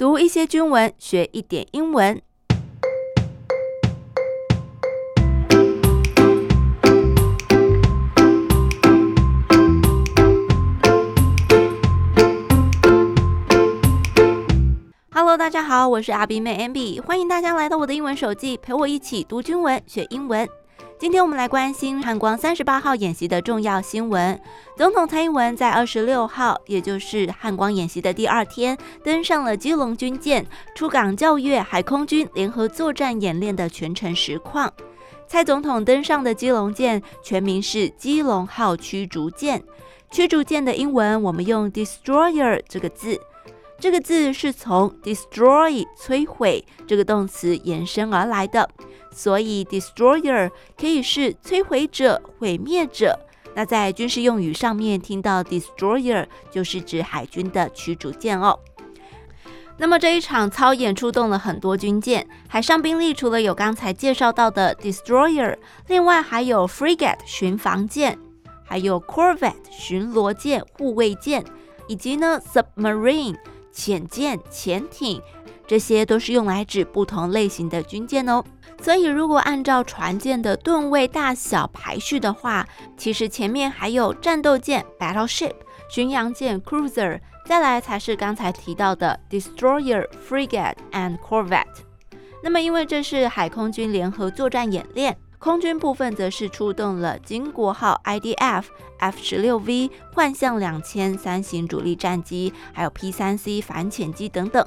讀一些軍文，學一點英文。Hello，大家好，我是阿比妹 MB，歡迎大家來到我的英文手記，陪我一起讀軍文，學英文。今天我們來關心漢光三十八號演習的重要新聞。總統蔡英文在二十六號，也就是漢光演習的第二天，登上了基隆軍艦，出港校閱海空軍聯合作戰演練的全程實況。蔡總統登上的基隆艦全名是基隆號驅逐艦。驅逐艦的英文我們用 destroyer 這個字，這個字是從 destroy 摧毀這個動詞延伸而來的。所以，destroyer 可以是摧毀者、毀滅者。那在軍事用語上面聽到 destroyer，就是指海軍的驅逐艦哦。那麼這一場操演出動了很多軍艦，海上兵力除了有剛才介紹到的 destroyer，另外還有 frigate 巡防艦，還有 corvette 巡邏艦、護衛艦，以及呢 submarine 潛艦、潛艇。這些都是用來指不同類型的軍艦哦。所以，如果按照船艦的噸位大小排序的話，其實前面還有戰鬥艦 （Battleship）、巡洋艦 （Cruiser），再來才是剛才提到的 Destroyer、Frigate and Corvette。那麼，因為這是海空軍聯合作戰演練，空軍部分則是出動了經國號 （IDF）、F 十六 V、幻象兩千三型主力戰機，還有 P 三 C 反潛機等等。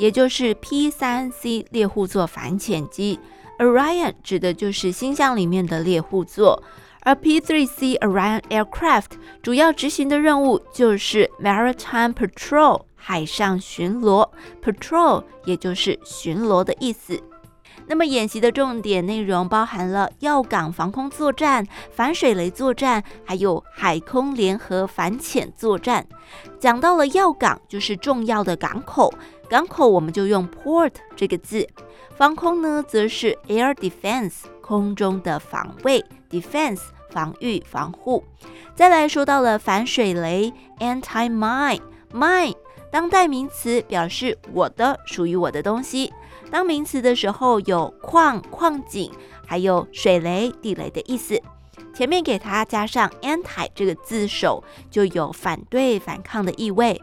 也就是 P3C 獵戶座反潛機。Orion 指的就是星象裡面的獵戶座，而 P3C Orion Aircraft 主要執行的任務就是 Maritime Patrol 海上巡邏，Patrol 也就是巡邏的意思。那麼演習的重點內容包含了要港防空作戰、反水雷作戰，還有海空聯合反潛作戰。講到了要港，就是重要的港口。港口我們就用 port 這個字，防空呢則是 air defense，空中的防衛 defense 防御防護。再來說到了反水雷 anti mine mine 當代名詞表示我的屬於我的東西。當名詞的時候有礦礦井，還有水雷地雷的意思。前面給它加上 anti 這個字首，就有反對反抗的意味。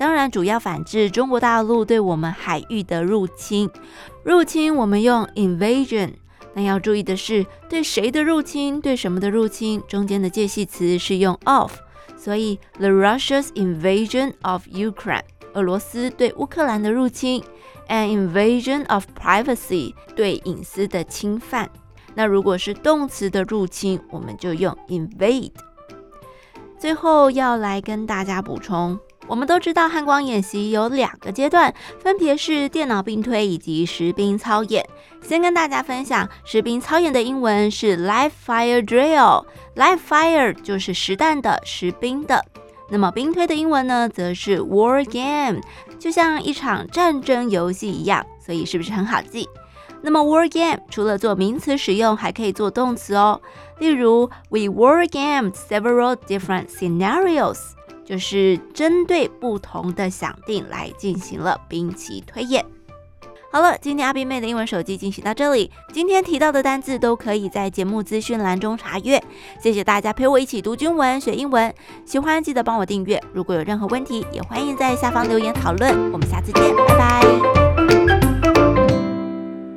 當然，主要反制中國大陸對我們海域的入侵。入侵我們用 invasion，那要注意的是，對誰的入侵，對什麼的入侵，中間的介系詞是用 of，所以 the Russia's invasion of Ukraine，俄羅斯對烏克蘭的入侵；an invasion of privacy，對隱私的侵犯。那如果是動詞的入侵，我們就用 invade。最後要來跟大家補充。我們都知道，漢光演習，有兩個階段，分別是電腦兵推以及實兵操演。先跟大家分享，實兵操演的英文是 live fire drill，live fire 就是實彈的、實兵的。那麼兵推的英文呢，則是 war game，就像一場戰爭遊戲一樣，所以是不是很好記？那麼 war game 除了做名詞使用，還可以做動詞哦。例如，We war game several different scenarios。就是針對不同的想定來進行了兵棋推演。好了，今天阿兵妹的英文手機進行到這裡，今天提到的單字都可以在節目資訊欄中查閱。謝謝大家陪我一起讀軍文、學英文，喜歡記得幫我訂閱。如果有任何問題，也歡迎在下方留言討論。我們下次見，拜拜。